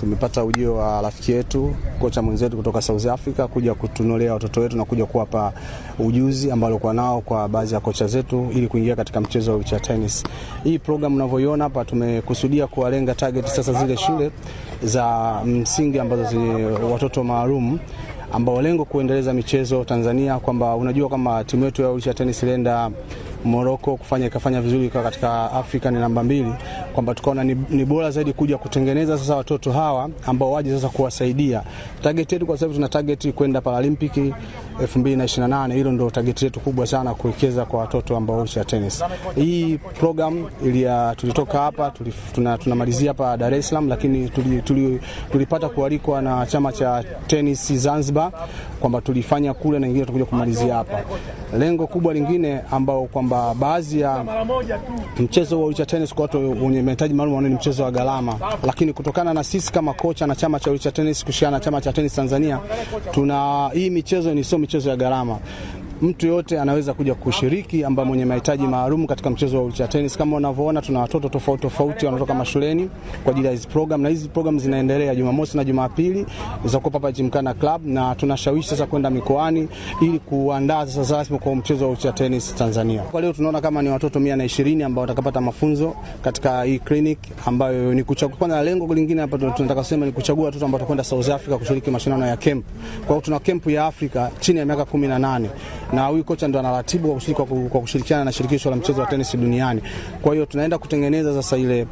tumepata ujio wa rafiki yetu kocha mwenzetu kutoka South Africa kuja kutunolea watoto wetu na kuja kuwapa ujuzi ambao alikuwa nao kwa baadhi ya kocha zetu ili kuingia katika mchezo wa tennis. Hii program unavyoiona hapa, tumekusudia kuwalenga target sasa zile shule za msingi ambazo zenye watoto maalum ambao lengo kuendeleza michezo Tanzania, kwamba unajua kama timu yetu ya Arusha Tennis Lenda Morocco kufanya ikafanya vizuri katika Afrika ni namba mbili, kwamba tukaona ni, ni bora zaidi kuja kutengeneza sasa watoto hawa ambao waje sasa kuwasaidia. Target yetu kwa sasa tuna target kwenda Paralympic 2028 hilo ndio target yetu kubwa sana kuwekeza kwa watoto ambao wacha tennis. Hii program ili ah, tulitoka hapa tunamalizia tuna hapa Dar es Salaam, lakini tuli, tuli, tulipata kualikwa na chama cha tennis Zanzibar kwamba tulifanya kule na nyingine tutakuja kumalizia hapa. Lengo kubwa lingine ambao kwamba kwamba baadhi ya mchezo wa wheelchair tennis kwa watu wenye mahitaji maalum ni mchezo wa gharama, lakini kutokana na sisi kama kocha na chama cha wheelchair tennis kushiana na chama cha tennis Tanzania, tuna hii michezo ni sio michezo ya gharama mtu yote anaweza kuja kushiriki, ambaye mwenye mahitaji maalum katika mchezo wa wheelchair tennis. Kama unavyoona, tuna watoto tofauti tofauti wanatoka mashuleni kwa ajili ya hizi program, na hizi program zinaendelea Jumamosi na Jumapili za kupa hapa Gymkhana Club, na tunashawishi sasa kwenda mikoani ili kuandaa sasa rasmi kwa mchezo wa wheelchair tennis Tanzania. Kwa leo tunaona kama ni watoto 120 ambao watakapata mafunzo katika hii clinic, ambayo ni kuchagua kwanza. Lengo lingine hapa tunataka kusema ni kuchagua watoto ambao watakwenda South Africa kushiriki mashindano ya camp. Kwa hiyo tuna camp ya Afrika chini ya miaka 18 na huyu kocha ndo anaratibu kwa kushirikiana na shirikisho la mchezo wa tenisi duniani. Kwa hiyo tunaenda kutengeneza sasa ile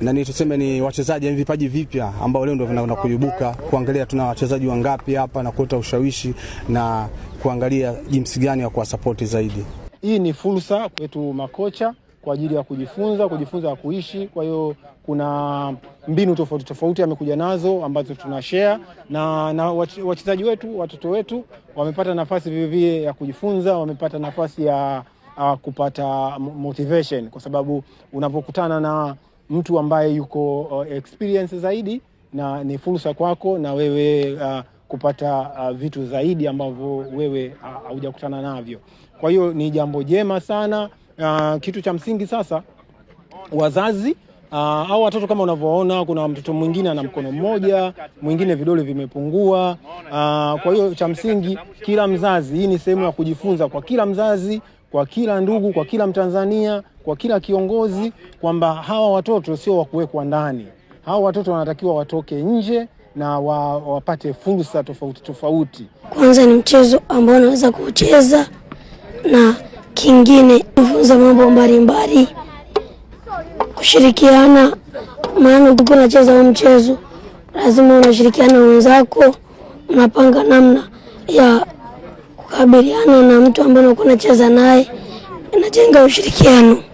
nani tuseme ni wachezaji ni vipaji vipya ambao leo ndio vinaenda kuibuka, kuangalia tuna wachezaji wangapi hapa na kuleta ushawishi na kuangalia jinsi gani ya kuwasapoti zaidi. Hii ni fursa kwetu makocha kwa ajili ya kujifunza kujifunza ya kuishi. Kwa hiyo kuna mbinu tofauti tofauti amekuja nazo ambazo tuna share na, na wachezaji wetu, watoto wetu wamepata nafasi vilevile ya kujifunza, wamepata nafasi ya uh, kupata motivation, kwa sababu unapokutana na mtu ambaye yuko uh, experience zaidi na ni fursa kwako na wewe uh, kupata uh, vitu zaidi ambavyo wewe haujakutana uh, navyo. Kwa hiyo ni jambo jema sana. Uh, kitu cha msingi sasa wazazi Uh, au watoto kama unavyoona, kuna mtoto mwingine ana mkono mmoja, mwingine vidole vimepungua. Uh, kwa hiyo cha msingi kila mzazi, hii ni sehemu ya kujifunza kwa kila mzazi, kwa kila ndugu, kwa kila Mtanzania, kwa kila kiongozi, kwamba hawa watoto sio wa kuwekwa ndani. Hawa watoto wanatakiwa watoke nje na wa, wapate fursa tofauti tofauti. Kwanza ni mchezo ambao unaweza kucheza na kingine kufunza mambo mbalimbali, kushirikiana. Maana ukiwa unacheza huu mchezo lazima unashirikiana wenzako, unapanga namna ya kukabiliana na mtu ambaye unakuwa unacheza naye, inajenga ushirikiano.